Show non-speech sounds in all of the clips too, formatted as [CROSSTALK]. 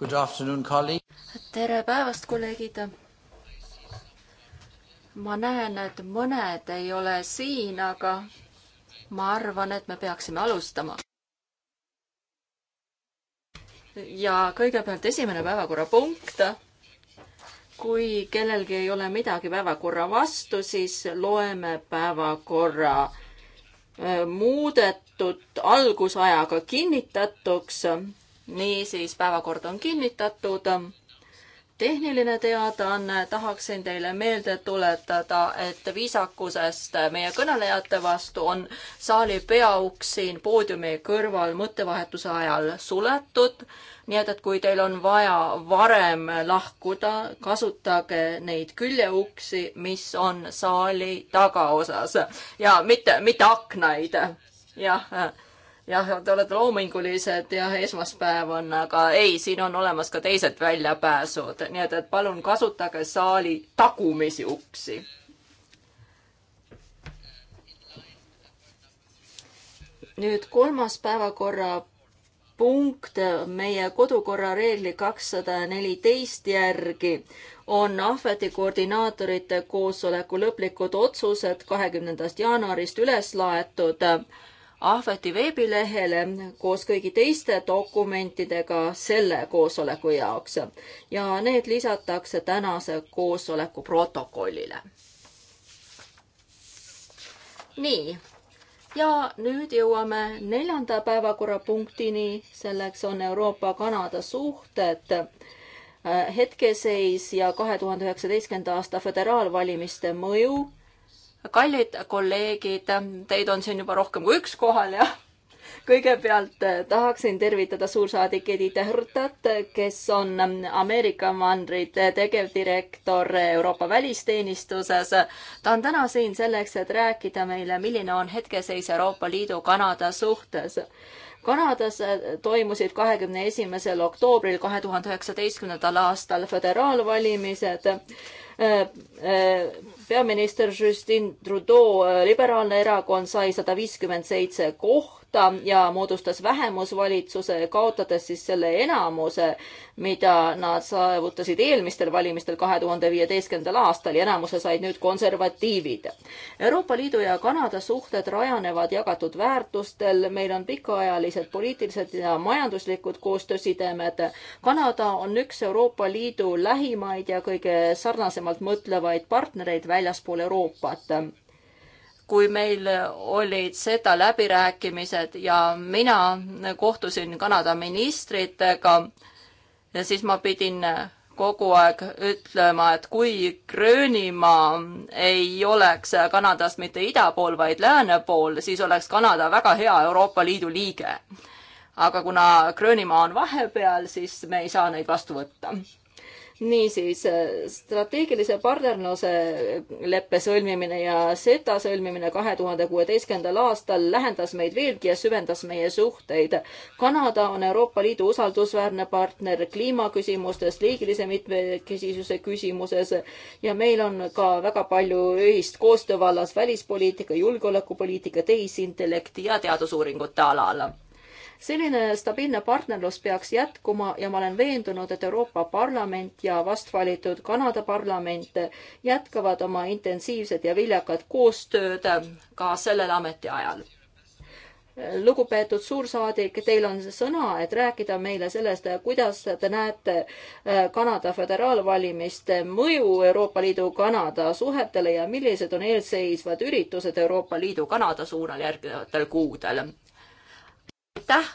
Good afternoon, colleague. tere päevast, kolleegid. ma näen, et mõned ei ole siin, aga ma arvan, et me peaksime alustama. ja kõigepealt esimene päevakorrapunkt. kui kellelgi ei ole midagi päevakorra vastu, siis loeme päevakorra äh, muudetud algusajaga kinnitatuks niisiis, päevakord on kinnitatud. tehniline teadaanne, tahaksin teile meelde tuletada, et viisakusest meie kõnelejate vastu on saali peauks siin poodiumi kõrval mõttevahetuse ajal suletud. nii et, et kui teil on vaja varem lahkuda, kasutage neid küljeuksi, mis on saali tagaosas ja mitte, mitte aknaid. jah jah, te olete loomingulised ja esmaspäev on, aga ei, siin on olemas ka teised väljapääsud, nii et, et palun kasutage saali tagumisi uksi nüüd kolmas päevakorrapunkt meie kodukorra reegli kakssada neliteist järgi on ahveti koordinaatorite koosoleku lõplikud otsused kahekümnendast jaanuarist üles laetud Ahveti veebilehele koos kõigi teiste dokumentidega selle koosoleku jaoks ja need lisatakse tänase koosoleku protokollile. nii, ja nüüd jõuame neljanda päevakorrapunktini, selleks on Euroopa-Kanada suhted äh, hetkeseis ja kahe tuhande üheksateistkümnenda aasta föderaalvalimiste mõju kallid kolleegid, teid on siin juba rohkem kui üks kohal ja kõigepealt eh, tahaksin tervitada suursaadik Edith Hurtat, kes on Ameerika mandrite tegevdirektor Euroopa välisteenistuses. ta on täna siin selleks, et rääkida meile, milline on hetkeseis Euroopa Liidu Kanada suhtes Kanadas eh, toimusid kahekümne esimesel oktoobril kahe tuhande üheksateistkümnendal aastal föderaalvalimised Äh, äh, peaminister Justin Trudeau, äh, liberaalne erakond, sai sada viiskümmend seitse kohta kohta ja moodustas vähemusvalitsuse, kaotades siis selle enamuse, mida nad saavutasid eelmistel valimistel kahe tuhande viieteistkümnendal aastal ja enamuse said nüüd konservatiivid. Euroopa Liidu ja Kanada suhted rajanevad jagatud väärtustel, meil on pikaajalised poliitilised ja majanduslikud koostöösidemed. Kanada on üks Euroopa Liidu lähimaid ja kõige sarnasemalt mõtlevaid partnereid väljaspool Euroopat kui meil olid seda läbirääkimised ja mina kohtusin Kanada ministritega, siis ma pidin kogu aeg ütlema, et kui Gröönimaa ei oleks Kanadast mitte ida pool, vaid lääne pool, siis oleks Kanada väga hea Euroopa Liidu liige. aga kuna Gröönimaa on vahepeal, siis me ei saa neid vastu võtta niisiis, äh, strateegilise partnerluse leppe sõlmimine ja SETA sõlmimine kahe tuhande kuueteistkümnendal aastal lähendas meid veelgi ja süvendas meie suhteid. Kanada on Euroopa Liidu usaldusväärne partner kliimaküsimustes, liigilise mitmekesisuse küsimuses ja meil on ka väga palju ühist koostöö vallas välispoliitika, julgeolekupoliitika, tehisintellekti ja teadusuuringute alal selline stabiilne partnerlus peaks jätkuma ja ma olen veendunud, et Euroopa Parlament ja vastvalitud Kanada parlament jätkavad oma intensiivset ja viljakat koostööd ka sellel ametiajal lugupeetud suursaadik, teil on sõna, et rääkida meile sellest, kuidas te näete äh, Kanada föderaalvalimiste mõju Euroopa Liidu Kanada suhetele ja millised on eelseisvad üritused Euroopa Liidu Kanada suunal järgnevatel kuudel aitäh,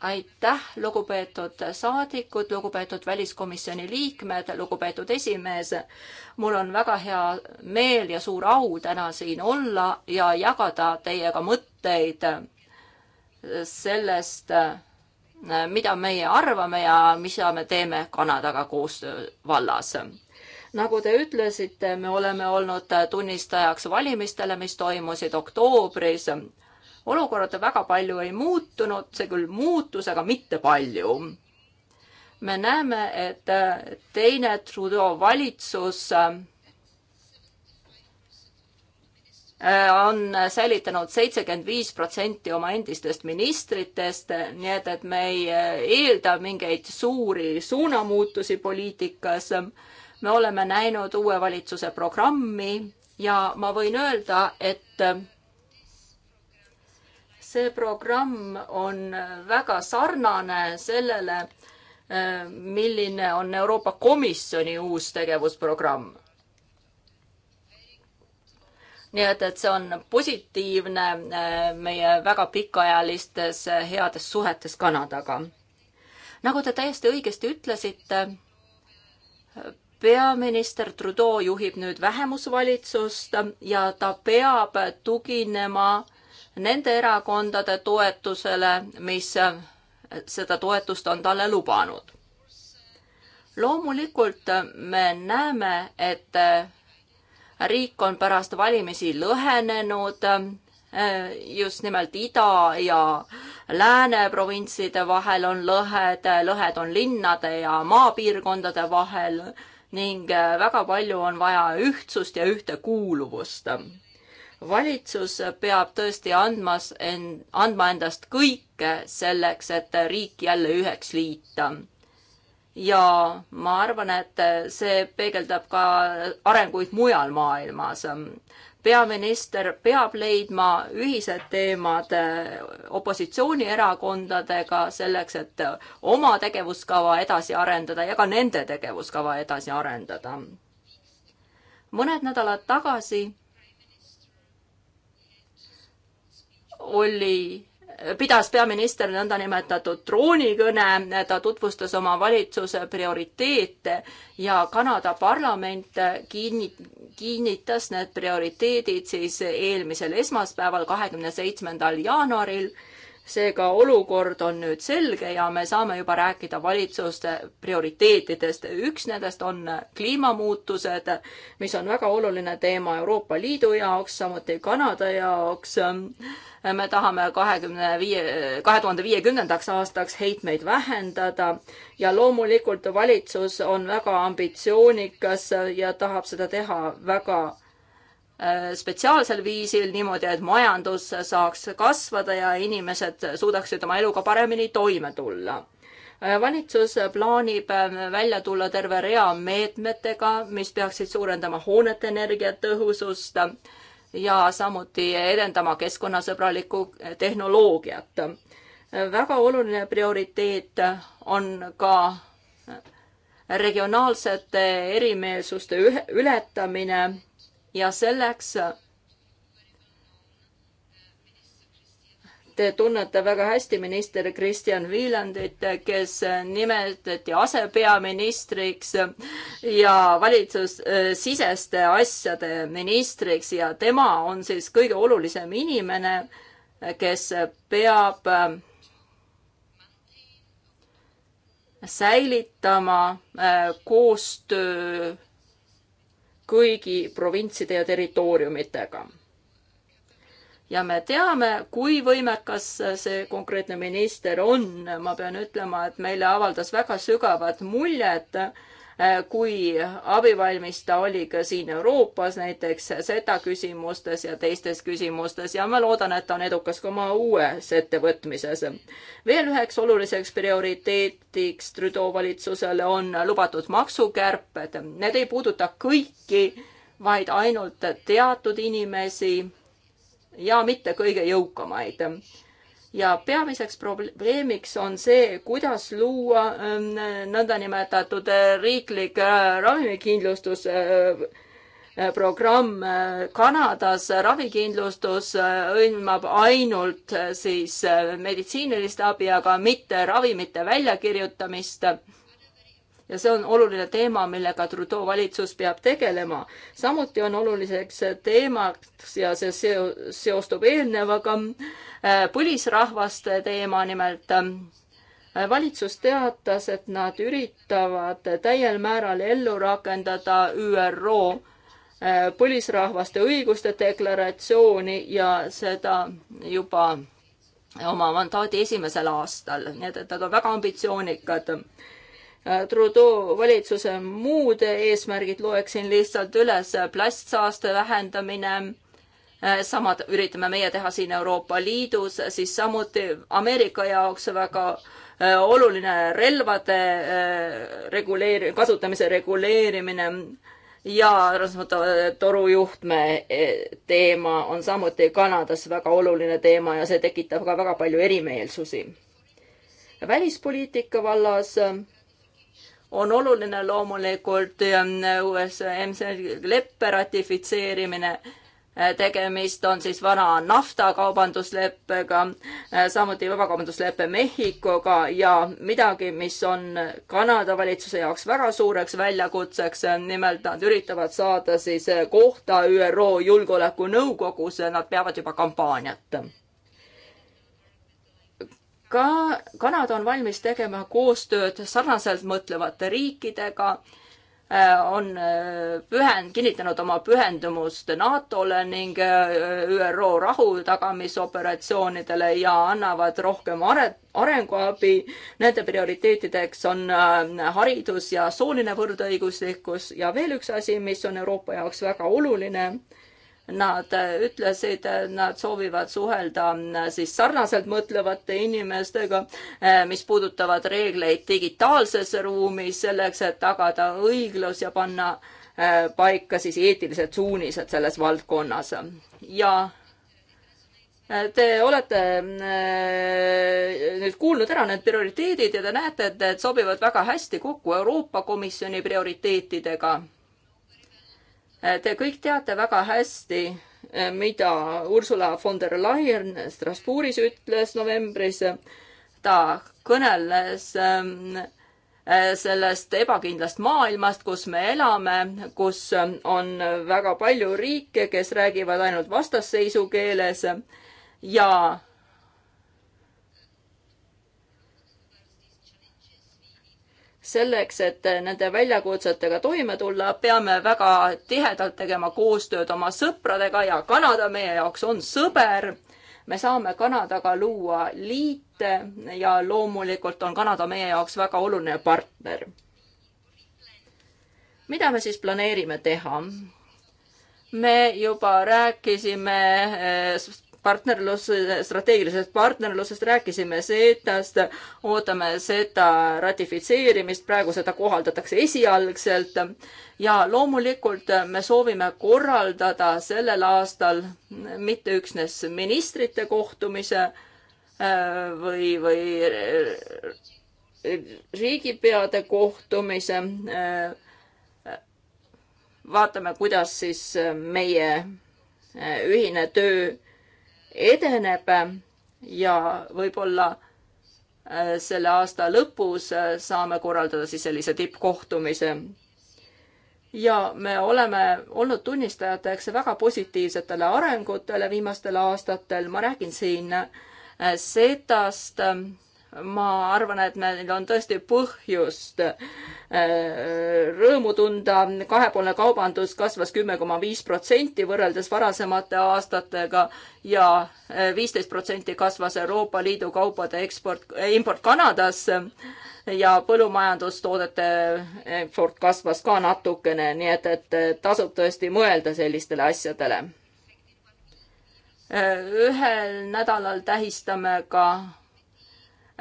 aitäh, lugupeetud saadikud, lugupeetud väliskomisjoni liikmed, lugupeetud esimees. mul on väga hea meel ja suur au täna siin olla ja jagada teiega mõtteid sellest, mida meie arvame ja mida me teeme Kanadaga koostöö vallas nagu te ütlesite, me oleme olnud tunnistajaks valimistele, mis toimusid oktoobris olukorrad väga palju ei muutunud, see küll muutus, aga mitte palju. me näeme, et äh, teine Trudeau valitsus äh, on säilitanud seitsekümmend viis protsenti oma endistest ministritest, nii et, et me ei äh, eelda mingeid suuri suunamuutusi poliitikas. me oleme näinud uue valitsuse programmi ja ma võin öelda, et see programm on väga sarnane sellele, eh, milline on Euroopa Komisjoni uus tegevusprogramm. nii et, et see on positiivne eh, meie väga pikaajalistes eh, heades suhetes Kanadaga. nagu te täiesti õigesti ütlesite, peaminister Trudeau juhib nüüd vähemusvalitsust ja ta peab tuginema äh, nende erakondade toetusele, mis seda toetust on talle lubanud. loomulikult me näeme, et riik on pärast valimisi lõhenenud just nimelt ida ja lääne provintside vahel on lõhed, lõhed on linnade ja maapiirkondade vahel ning väga palju on vaja ühtsust ja ühtekuuluvust valitsus peab tõesti andmas end, andma endast kõike selleks, et riik jälle üheks liita. ja ma arvan, et see peegeldab ka arenguid mujal maailmas peaminister peab leidma ühised teemad opositsioonierakondadega selleks, et oma tegevuskava edasi arendada ja ka nende tegevuskava edasi arendada. mõned nädalad tagasi oli, pidas peaminister nõndanimetatud troonikõne, ta tutvustas oma valitsuse prioriteete ja Kanada parlament kinni, kinnitas need prioriteedid siis eelmisel esmaspäeval, kahekümne seitsmendal jaanuaril seega olukord on nüüd selge ja me saame juba rääkida valitsuste prioriteetidest. üks nendest on kliimamuutused, mis on väga oluline teema Euroopa Liidu jaoks, samuti Kanada jaoks. me tahame kahekümne viie, kahe tuhande viiekümnendaks aastaks heitmeid vähendada ja loomulikult valitsus on väga ambitsioonikas ja tahab seda teha väga Äh, spetsiaalsel viisil, niimoodi, et majandus saaks kasvada ja inimesed suudaksid oma eluga paremini toime tulla. Äh, valitsus plaanib äh, välja tulla terve rea meetmetega, mis peaksid suurendama hoonete energiatõhusust ja samuti edendama keskkonnasõbralikku tehnoloogiat. väga oluline prioriteet on ka regionaalsete erimeelsuste ületamine ja selleks Te tunnete väga hästi minister Kristjan Viilandit, kes nimetati asepeaministriks ja valitsussiseste äh, asjade ministriks ja tema on siis kõige olulisem inimene, kes peab äh, säilitama äh, koostöö kõigi provintside ja territooriumitega. ja me teame, kui võimekas see konkreetne minister on, ma pean ütlema, et meile avaldas väga sügavat muljet äh, kui abivalmis ta oli ka siin Euroopas, näiteks seda küsimustes ja teistes küsimustes ja ma loodan, et ta on edukas ka oma uues ettevõtmises. veel üheks oluliseks prioriteetiks Trudeau valitsusele on lubatud maksukärped. Need ei puuduta kõiki, vaid ainult teatud inimesi ja mitte kõige jõukamaid ja peamiseks probleemiks on see, kuidas luua ähm, nõndanimetatud äh, riiklik äh, ravikindlustus äh, programm Kanadas ravikindlustus hõlmab ainult siis meditsiinilist abi, aga mitte ravimite väljakirjutamist ja see on oluline teema, millega Trudeau valitsus peab tegelema. samuti on oluliseks teemaks ja see seo-, seostub eelnevaga äh, põlisrahvaste teema, nimelt äh, valitsus teatas, et nad üritavad täiel määral ellu rakendada ÜRO äh, põlisrahvaste õiguste deklaratsiooni ja seda juba oma mandaadi esimesel aastal, nii et, et nad on väga ambitsioonikad Äh, Trudeau valitsuse muud eesmärgid loeksin lihtsalt üles, plastsaaste vähendamine, äh, samad üritame meie teha siin Euroopa Liidus, siis samuti Ameerika jaoks väga äh, oluline relvade reguleeri-, kasutamise reguleerimine ja torujuhtme e, teema on samuti Kanadas väga oluline teema ja see tekitab ka väga palju erimeelsusi. välispoliitika vallas on oluline loomulikult äh, USMC leppe ratifitseerimine äh, tegemist on siis vana naftakaubandusleppega, äh, samuti vabakaubanduslepe Mehhikoga ja midagi, mis on Kanada valitsuse jaoks väga suureks väljakutseks, nimelt nad üritavad saada siis kohta ÜRO Julgeolekunõukogus, nad peavad juba kampaaniat ka Kanada on valmis tegema koostööd sarnaselt mõtlevate riikidega, äh, on äh, pühen-, kinnitanud oma pühendumust NATO-le ning äh, ÜRO rahutagamisoperatsioonidele ja annavad rohkem are-, arenguabi. Nende prioriteetideks on haridus ja sooline võrdõiguslikkus ja veel üks asi, mis on Euroopa jaoks väga oluline Nad äh, ütlesid, äh, nad soovivad suhelda äh, siis sarnaselt mõtlevate inimestega, mis puudutavad reegleid digitaalses ruumis, selleks et tagada õiglus ja panna paika siis eetilised suunised selles valdkonnas. ja Te olete nüüd kuulnud ära need prioriteedid ja te näete, et need sobivad väga hästi kokku Euroopa Komisjoni prioriteetidega Te kõik teate väga hästi, mida Ursula von der Leyen Strasbourgis ütles novembris. ta kõneles ähm, sellest ebakindlast maailmast, kus me elame, kus on väga palju riike, kes räägivad ainult vastasseisukeeles ja selleks, et nende väljakutsetega toime tulla, peame väga tihedalt tegema koostööd oma sõpradega ja Kanada meie jaoks on sõber. me saame Kanadaga luua liite ja loomulikult on Kanada meie jaoks väga oluline partner. mida me siis planeerime teha? me juba rääkisime eh, partnerluse, strateegilisest partnerlusest rääkisime CETA-st, ootame CETA ratifitseerimist, praegu seda kohaldatakse esialgselt ja loomulikult me soovime korraldada sellel aastal mitte üksnes ministrite kohtumise äh, või, või riigipeade kohtumise. Äh, vaatame, kuidas siis meie äh, ühine töö edeneb ja võib-olla äh, selle aasta lõpus äh, saame korraldada siis sellise tippkohtumise. ja me oleme olnud tunnistajateks väga positiivsetele arengutele viimastel aastatel, ma räägin siin äh, setast äh, ma arvan, et meil on tõesti põhjust äh, rõõmu tunda. kahepoolne kaubandus kasvas kümme koma viis protsenti võrreldes varasemate aastatega ja äh, viisteist protsenti kasvas Euroopa Liidu kaupade eksport, äh, import Kanadasse ja põllumajandustoodete eksport kasvas ka natukene, nii et, et tasub tõesti mõelda sellistele asjadele. ühel nädalal tähistame ka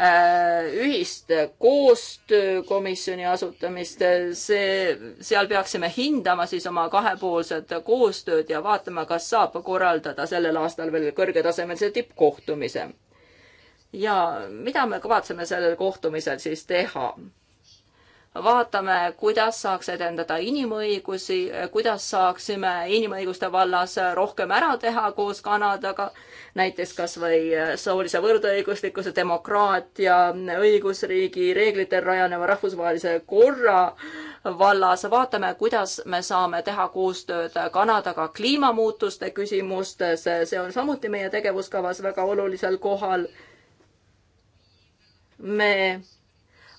Äh, ühist koostöökomisjoni asutamist, see, seal peaksime hindama siis oma kahepoolset koostööd ja vaatama, kas saab korraldada sellel aastal veel kõrgetasemelise tippkohtumise. ja mida me kavatseme sellel kohtumisel siis teha? vaatame, kuidas saaks edendada inimõigusi, kuidas saaksime inimõiguste vallas rohkem ära teha koos Kanadaga, näiteks kas või soolise võrdõiguslikkuse, demokraatia, õigusriigi reeglitel rajaneva rahvusvahelise korra vallas, vaatame, kuidas me saame teha koostööd Kanadaga kliimamuutuste küsimustes, see on samuti meie tegevuskavas väga olulisel kohal. me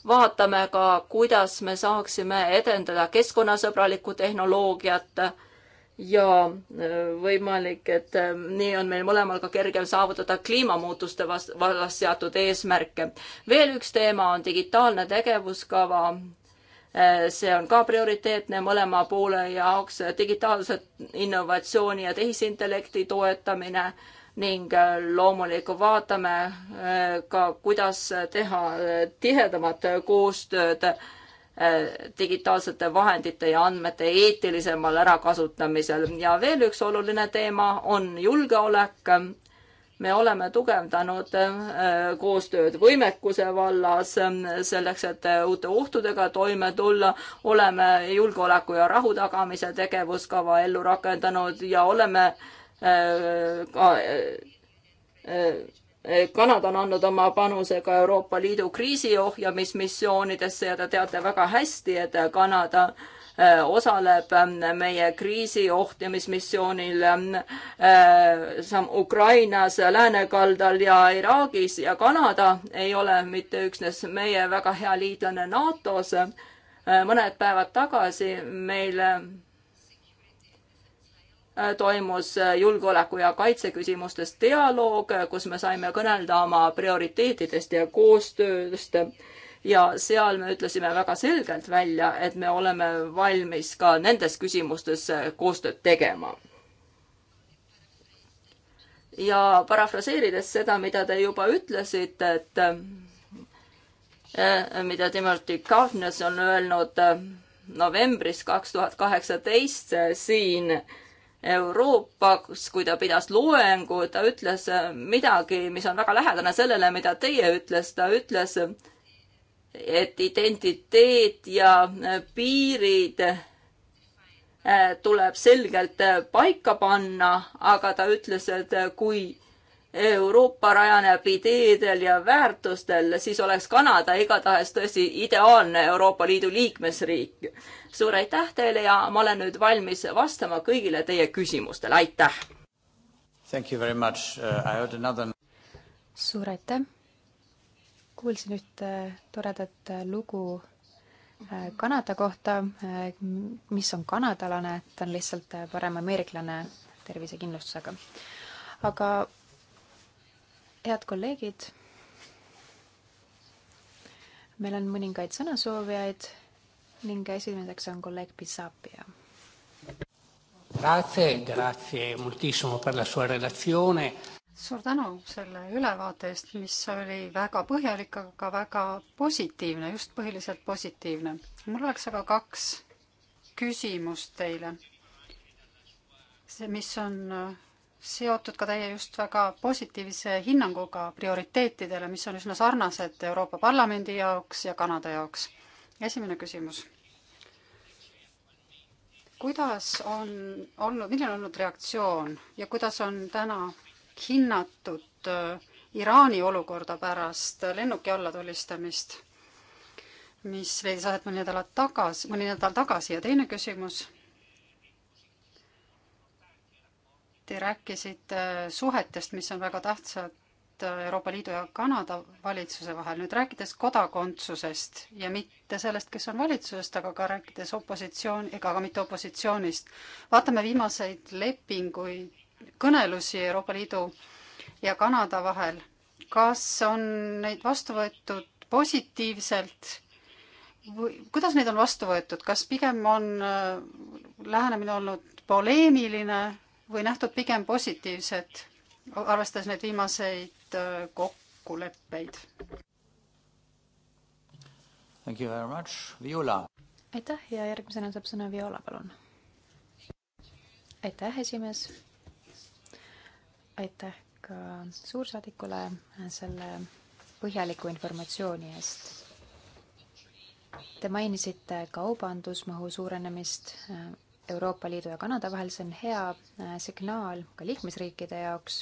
vaatame ka, kuidas me saaksime edendada keskkonnasõbralikku tehnoloogiat ja e, võimalik, et e, nii on meil mõlemal ka kergem saavutada kliimamuutuste vallas seatud eesmärke. veel üks teema on digitaalne tegevuskava. E, see on ka prioriteetne mõlema poole jaoks, digitaalse innovatsiooni ja tehisintellekti toetamine ning äh, loomulikult vaatame äh, ka, kuidas teha äh, tihedamat koostööd digitaalsete vahendite ja andmete eetilisemal ärakasutamisel ja veel üks oluline teema on julgeolek. me oleme tugevdanud koostööd võimekuse vallas selleks, et uute ohtudega toime tulla. oleme julgeoleku ja rahu tagamise tegevuskava ellu rakendanud ja oleme äh, ka äh, äh, Kanada on andnud oma panuse ka Euroopa Liidu kriisiohjamismissioonidesse ja te teate väga hästi, et Kanada äh, osaleb ähm, meie kriisiohjamismissioonil ähm, Ukrainas, läänekaldal ja Iraagis ja Kanada ei ole mitte üksnes meie väga hea liitlane NATO-s. mõned päevad tagasi meile toimus julgeoleku ja kaitse küsimustes dialoog, kus me saime kõnelda oma prioriteetidest ja koostööst. ja seal me ütlesime väga selgelt välja, et me oleme valmis ka nendes küsimustes koostööd tegema. ja parafraseerides seda, mida te juba ütlesite, et eh, mida Timothy Carnes on öelnud eh, novembris kaks tuhat kaheksateist siin Euroopas, kui ta pidas loengu, ta ütles äh, midagi, mis on väga lähedane sellele, mida teie ütles, ta ütles, et identiteet ja äh, piirid äh, tuleb selgelt paika panna, aga ta ütles, et kui Euroopa rajaneb ideedel ja väärtustel, siis oleks Kanada igatahes tõesti ideaalne Euroopa Liidu liikmesriik. suur aitäh teile ja ma olen nüüd valmis vastama kõigile teie küsimustele, aitäh! Uh, another... suur aitäh! kuulsin ühte toredat äh, lugu äh, Kanada kohta, äh, mis on kanadalane, ta on lihtsalt parem ameeriklane tervisekindlustusega. aga head kolleegid, meil on mõningaid sõnasoovijaid ning esimeseks on kolleeg Pissapia. Grazie, grazie moltissimo per la sua relatsioone. suur tänu selle ülevaate eest, mis oli väga põhjalik, aga väga positiivne, just põhiliselt positiivne. mul oleks aga kaks küsimust teile, see, mis on seotud ka teie just väga positiivse hinnanguga prioriteetidele, mis on üsna sarnased Euroopa Parlamendi jaoks ja Kanada jaoks. esimene küsimus. kuidas on olnud, milline on olnud reaktsioon ja kuidas on täna hinnatud äh, Iraani olukorda pärast lennuki allatulistamist, mis leidis aset mõni nädal tagasi, mõni nädal tagasi ja teine küsimus samuti rääkisite äh, suhetest, mis on väga tähtsad äh, Euroopa Liidu ja Kanada valitsuse vahel. nüüd rääkides kodakondsusest ja mitte sellest, kes on valitsusest, aga ka rääkides opositsioon, ega ka mitte opositsioonist. vaatame viimaseid lepinguid, kõnelusi Euroopa Liidu ja Kanada vahel. kas on neid vastu võetud positiivselt või kuidas neid on vastu võetud, kas pigem on äh, lähenemine olnud poleemiline või nähtud pigem positiivset, arvestades neid viimaseid äh, kokkuleppeid? aitäh ja järgmisena saab sõna Viola, palun. aitäh, esimees. aitäh ka suursaadikule selle põhjaliku informatsiooni eest Te mainisite kaubandusmahu suurenemist Euroopa Liidu ja Kanada vahel, see on hea äh, signaal ka liikmesriikide jaoks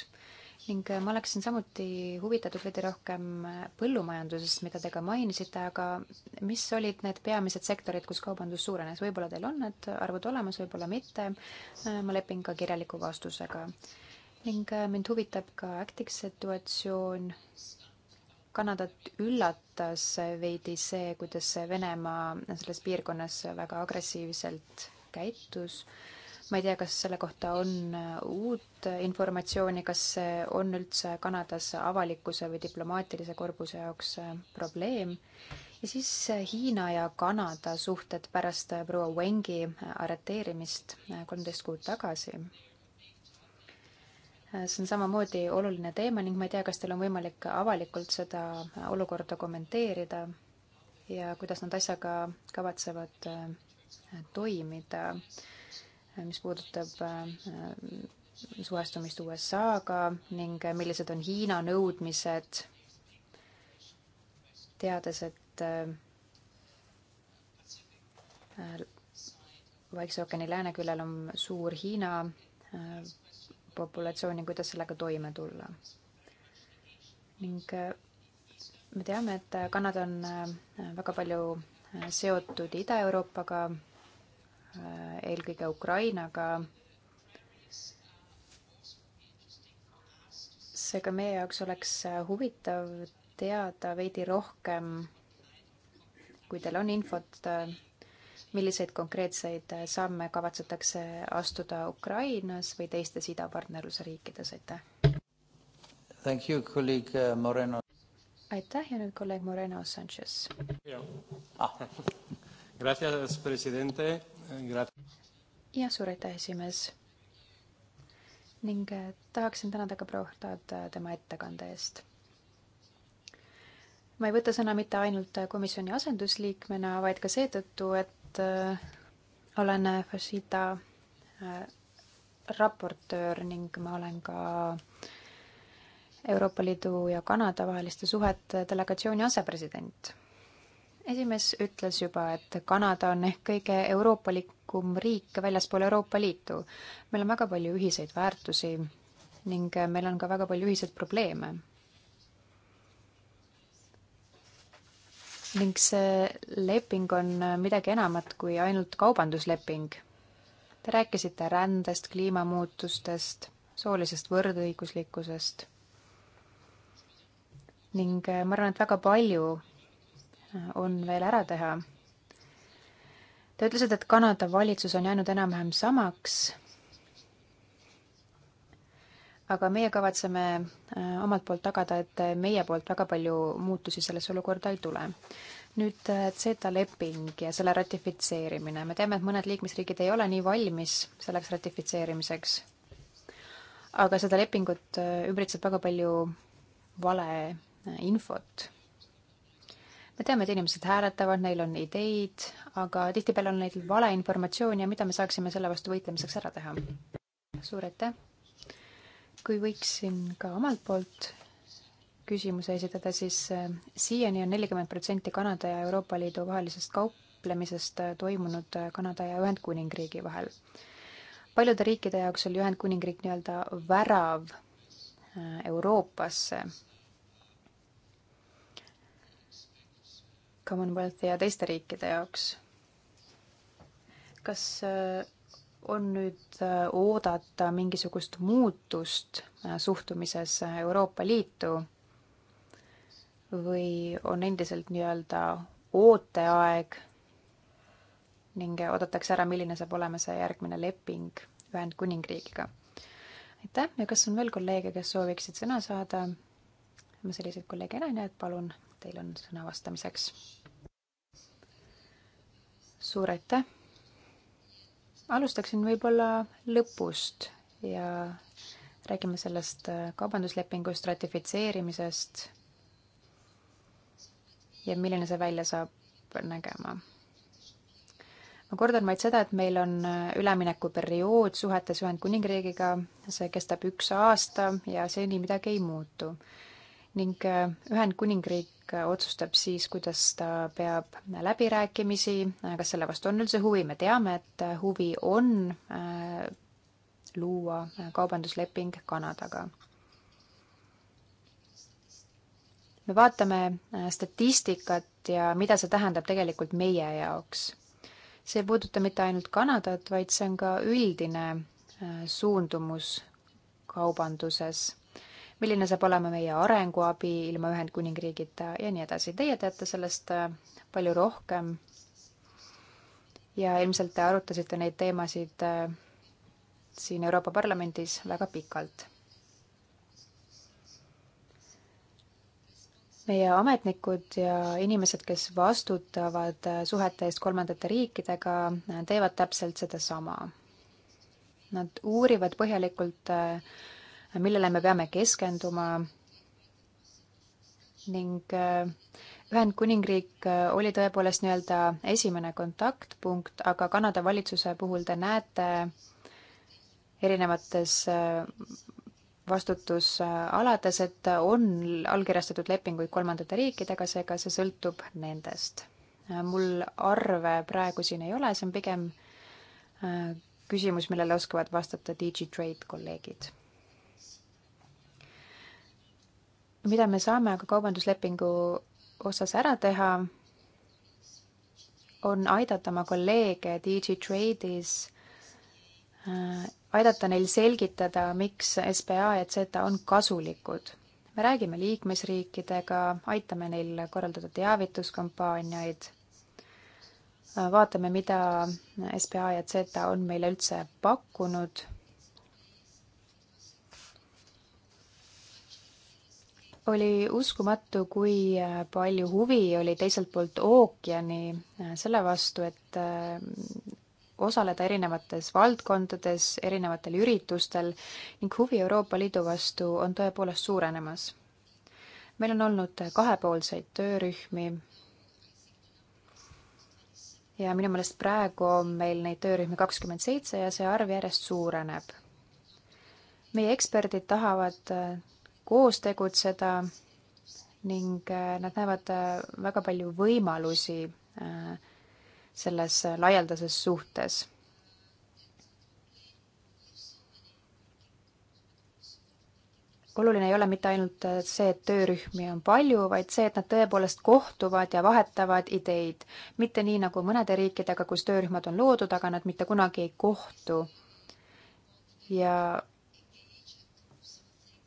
ning äh, ma oleksin samuti huvitatud veidi rohkem äh, põllumajandusest, mida te ka mainisite, aga mis olid need peamised sektorid, kus kaubandus suurenes, võib-olla teil on need arvud olemas, võib-olla mitte, ma lepin ka kirjaliku vastusega. ning mind huvitab ka Actix situatsioon, Kanadat üllatas veidi see, kuidas Venemaa selles piirkonnas väga agressiivselt käitus. ma ei tea, kas selle kohta on äh, uut äh, informatsiooni, kas see on üldse Kanadas avalikkuse või diplomaatilise korpuse jaoks äh, probleem. ja siis Hiina ja Kanada suhted pärast proua Wengi arreteerimist kolmteist kuud tagasi see on samamoodi oluline teema ning ma ei tea, kas teil on võimalik avalikult seda olukorda kommenteerida ja kuidas nad asjaga kavatsevad toimida, mis puudutab äh, suhestumist USA-ga ning millised on Hiina nõudmised, teades, et äh, Vaikse ookeani lääneküljel on suur Hiina äh, populatsioon ja kuidas sellega toime tulla. ning me teame, et Kanada on väga palju seotud Ida-Euroopaga, eelkõige Ukrainaga. seega meie jaoks oleks huvitav teada veidi rohkem, kui teil on infot, milliseid konkreetseid samme kavatsetakse astuda Ukrainas või teistes idapartnerluse riikides, aitäh! Thank you, kolleeg uh, Moreno aitäh ja nüüd kolleeg Moreno Sanchez. Ah. [LAUGHS] ja suur aitäh, esimees. ning eh, tahaksin tänada ka proua Hurtad eh, tema ettekande eest ma ei võta sõna mitte ainult eh, komisjoni asendusliikmena, vaid ka seetõttu, et olen Fashita raportöör ning ma olen ka Euroopa Liidu ja Kanada vaheliste suhete delegatsiooni asepresident. esimees ütles juba, et Kanada on ehk kõige euroopalikum riik väljaspool Euroopa Liitu. meil on väga palju ühiseid väärtusi ning meil on ka väga palju ühiseid probleeme. ning see leping on midagi enamat kui ainult kaubandusleping. Te rääkisite rändest, kliimamuutustest, soolisest võrdõiguslikkusest ning äh, ma arvan, et väga palju äh, on veel ära teha. Te ütlesite, et Kanada valitsus on jäänud enam-vähem samaks. aga meie kavatseme äh, omalt poolt tagada, et meie poolt väga palju muutusi sellesse olukorda ei tule nüüd CETA leping ja selle ratifitseerimine, me teame, et mõned liikmesriigid ei ole nii valmis selleks ratifitseerimiseks. aga seda lepingut ümbritseb väga palju vale infot. me teame, et inimesed hääletavad, neil on ideid, aga tihtipeale on neil valeinformatsiooni ja mida me saaksime selle vastu võitlemiseks ära teha? suur aitäh! kui võiksin ka omalt poolt küsimuse esitada, siis eh, siiani on nelikümmend protsenti Kanada ja Euroopa Liidu vahelisest kauplemisest eh, toimunud eh, Kanada ja Ühendkuningriigi vahel. paljude riikide jaoks oli Ühendkuningriik nii-öelda värav Euroopasse Commonwealthi ja teiste riikide jaoks. kas äh, on nüüd äh, oodata mingisugust muutust äh, suhtumises Euroopa Liitu või on endiselt nii-öelda ooteaeg ning oodatakse ära, milline saab olema see järgmine leping Ühendkuningriigiga? aitäh ja kas on veel kolleege, kes sooviksid sõna saada? ma selliseid kolleege enam ei näe, et palun teil on sõna vastamiseks. suur aitäh. alustaksin võib-olla lõpust ja räägime sellest äh, kaubanduslepingust, ratifitseerimisest ja milline see välja saab nägema. ma kordan vaid seda, et meil on äh, üleminekuperiood suhetes Ühendkuningriigiga, see kestab üks aasta ja seni midagi ei muutu ning äh, Ühendkuningriik äh, otsustab siis, kuidas ta peab läbirääkimisi, äh, kas selle vastu on üldse huvi, me teame, et huvi on luua kaubandusleping Kanadaga. me vaatame statistikat ja mida see tähendab tegelikult meie jaoks. see ei puuduta mitte ainult Kanadat, vaid see on ka üldine suundumus kaubanduses milline saab olema meie arenguabi ilma Ühendkuningriigita ja nii edasi. Teie teate sellest äh, palju rohkem ja ilmselt te arutasite neid teemasid äh, siin Euroopa Parlamendis väga pikalt. meie ametnikud ja inimesed, kes vastutavad äh, suhete eest kolmandate riikidega, teevad täpselt sedasama. Nad uurivad põhjalikult äh, millele me peame keskenduma ning äh, Ühendkuningriik äh, oli tõepoolest nii-öelda esimene kontaktpunkt, aga Kanada valitsuse puhul te näete erinevates äh, vastutusalades, et on allkirjastatud lepinguid kolmandate riikidega, seega see sõltub nendest. mul arve praegu siin ei ole, see on pigem küsimus, millele oskavad vastata DigiTrade kolleegid mida me saame aga kaubanduslepingu osas ära teha, on aidata oma kolleege DigiTrade'is, äh, aidata neil selgitada, miks SBA ja Z on kasulikud. me räägime liikmesriikidega, aitame neil korraldada teavituskampaaniaid, äh, vaatame, mida SBA ja Z on meile üldse pakkunud oli uskumatu, kui äh, palju huvi oli teiselt poolt ookeani äh, selle vastu, et äh, osaleda erinevates valdkondades, erinevatel üritustel ning huvi Euroopa Liidu vastu on tõepoolest suurenemas. meil on olnud kahepoolseid töörühmi ja minu meelest praegu on meil neid töörühmi kakskümmend seitse ja see arv järjest suureneb. meie eksperdid tahavad koos tegutseda ning äh, nad näevad äh, väga palju võimalusi äh, selles laialdases suhtes. oluline ei ole mitte ainult see, et töörühmi on palju, vaid see, et nad tõepoolest kohtuvad ja vahetavad ideid. mitte nii nagu mõnede riikidega, kus töörühmad on loodud, aga nad mitte kunagi ei kohtu. ja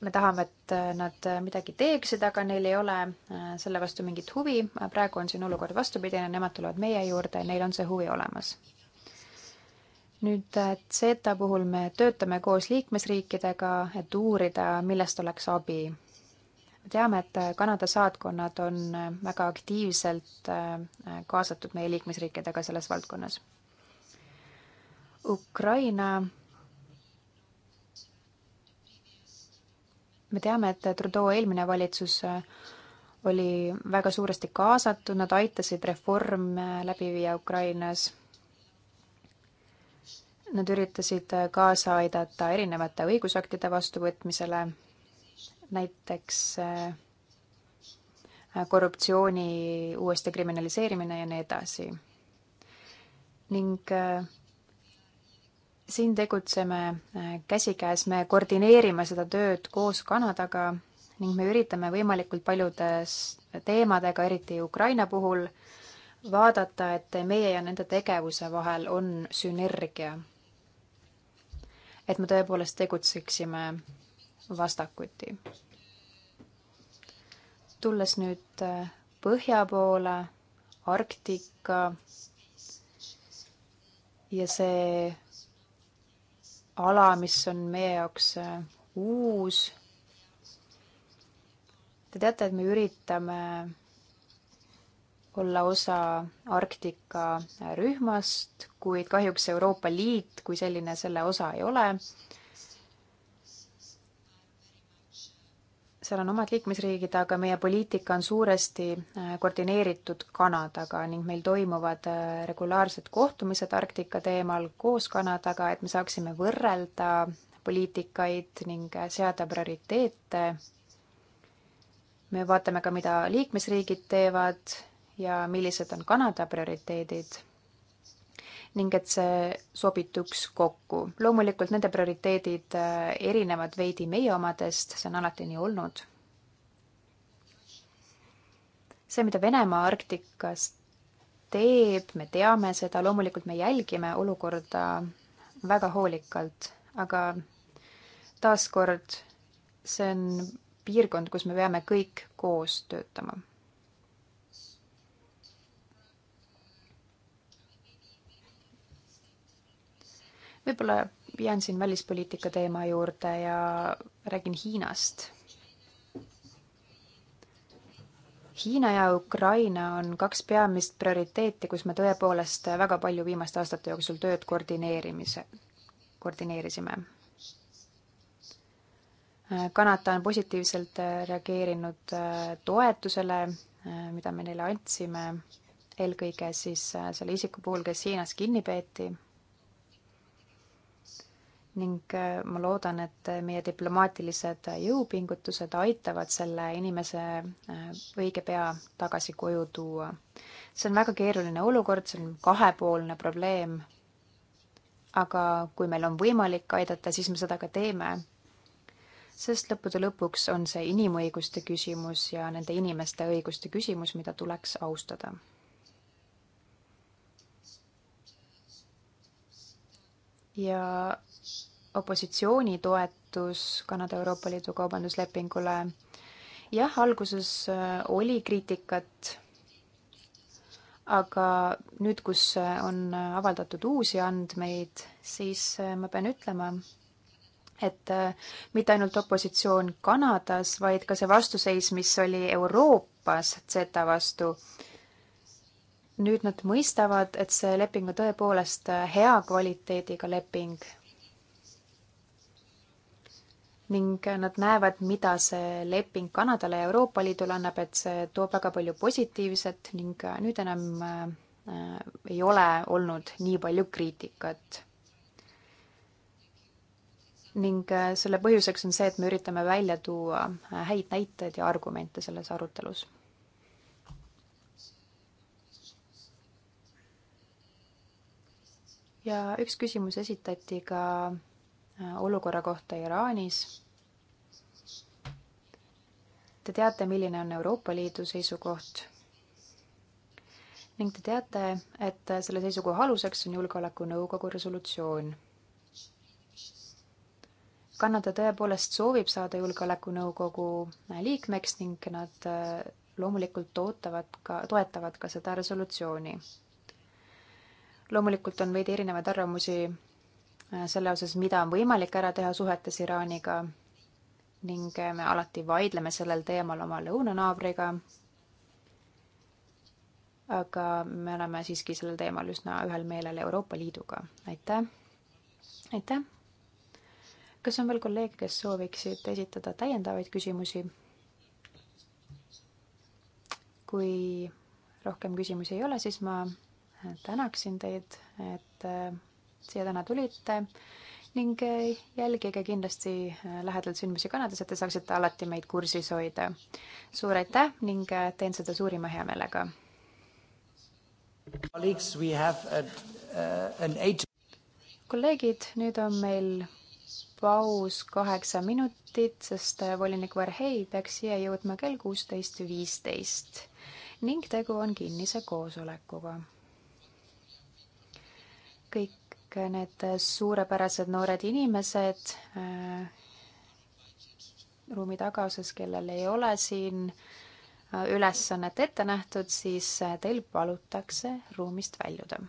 me tahame, et äh, nad äh, midagi teeksid, aga neil ei ole äh, selle vastu mingit huvi. praegu on siin olukord vastupidine, nemad tulevad meie juurde ja neil on see huvi olemas. nüüd CETA puhul me töötame koos liikmesriikidega, et uurida, millest oleks abi. me teame, et Kanada saatkonnad on väga aktiivselt kaasatud meie liikmesriikidega selles valdkonnas. Ukraina me teame, et Trudeau eelmine valitsus äh, oli väga suuresti kaasatud, nad aitasid reforme läbi viia Ukrainas. Nad üritasid äh, kaasa aidata erinevate õigusaktide vastuvõtmisele, näiteks äh, korruptsiooni uuesti kriminaliseerimine ja nii edasi. ning siin tegutseme äh, käsikäes, me koordineerime seda tööd koos Kanadaga ning me üritame võimalikult paljudes teemadega, eriti Ukraina puhul, vaadata, et meie ja nende tegevuse vahel on sünergia. et me tõepoolest tegutseksime vastakuti. tulles nüüd äh, põhja poole, Arktika ja see ala, mis on meie jaoks äh, uus. Te teate, et me üritame olla osa Arktika rühmast, kuid kahjuks Euroopa Liit kui selline selle osa ei ole seal on omad liikmesriigid, aga meie poliitika on suuresti äh, koordineeritud Kanadaga ning meil toimuvad äh, regulaarsed kohtumised Arktika teemal koos Kanadaga, et me saaksime võrrelda poliitikaid ning äh, seada prioriteete. me vaatame ka, mida liikmesriigid teevad ja millised on Kanada prioriteedid ning et see sobituks kokku. loomulikult nende prioriteedid äh, erinevad veidi meie omadest, see on alati nii olnud. see, mida Venemaa Arktikas teeb, me teame seda, loomulikult me jälgime olukorda väga hoolikalt, aga taaskord see on piirkond, kus me peame kõik koos töötama võib-olla jään siin välispoliitika teema juurde ja räägin Hiinast. Hiina ja Ukraina on kaks peamist prioriteeti, kus me tõepoolest väga palju viimaste aastate jooksul tööd koordineerimise, koordineerisime. Kanada on positiivselt reageerinud toetusele, mida me neile andsime, eelkõige siis selle isiku puhul, kes Hiinas kinni peeti ning äh, ma loodan, et äh, meie diplomaatilised jõupingutused aitavad selle inimese äh, õige pea tagasi koju tuua. see on väga keeruline olukord, see on kahepoolne probleem. aga kui meil on võimalik aidata, siis me seda ka teeme. sest lõppude lõpuks on see inimõiguste küsimus ja nende inimeste õiguste küsimus, mida tuleks austada ja opositsiooni toetus Kanada Euroopa Liidu kaubanduslepingule. jah, alguses äh, oli kriitikat, aga nüüd, kus äh, on avaldatud uusi andmeid, siis äh, ma pean ütlema, et mitte ainult opositsioon Kanadas, vaid ka see vastuseis, mis oli Euroopas Zeta vastu, nüüd nad mõistavad, et see leping on tõepoolest hea kvaliteediga leping ning nad näevad, mida see leping Kanadale ja Euroopa Liidule annab, et see toob väga palju positiivset ning äh, nüüd enam äh, äh, ei ole olnud nii palju kriitikat. ning äh, selle põhjuseks on see, et me üritame välja tuua äh, häid näiteid ja argumente selles arutelus ja üks küsimus esitati ka olukorra kohta Iraanis. Te teate, milline on Euroopa Liidu seisukoht ning te teate, et selle seisukoha aluseks on Julgeolekunõukogu resolutsioon. Kanada tõepoolest soovib saada Julgeolekunõukogu liikmeks ning nad äh, loomulikult ootavad ka, toetavad ka seda resolutsiooni. loomulikult on veidi erinevaid arvamusi äh, selle osas, mida on võimalik ära teha suhetes Iraaniga ning me alati vaidleme sellel teemal oma lõunanaabriga. aga me oleme siiski sellel teemal üsna ühel meelel Euroopa Liiduga. aitäh. aitäh. kas on veel kolleege, kes sooviksid esitada täiendavaid küsimusi? kui rohkem küsimusi ei ole, siis ma tänaksin teid, et siia täna tulite ning eh, jälgige kindlasti eh, lähedalt sündmusi Kanadas, et te saaksite alati meid kursis hoida. suur aitäh ning eh, teen seda suurima heameelega. kolleegid, nüüd on meil paus kaheksa minutit, sest volinik Varhei peaks siia jõudma kell kuusteist viisteist ning tegu on kinnise koosolekuga kõik kõik need suurepärased noored inimesed äh, ruumi tagaosas, kellel ei ole siin äh, ülesannet ette nähtud, siis äh, teil palutakse ruumist väljuda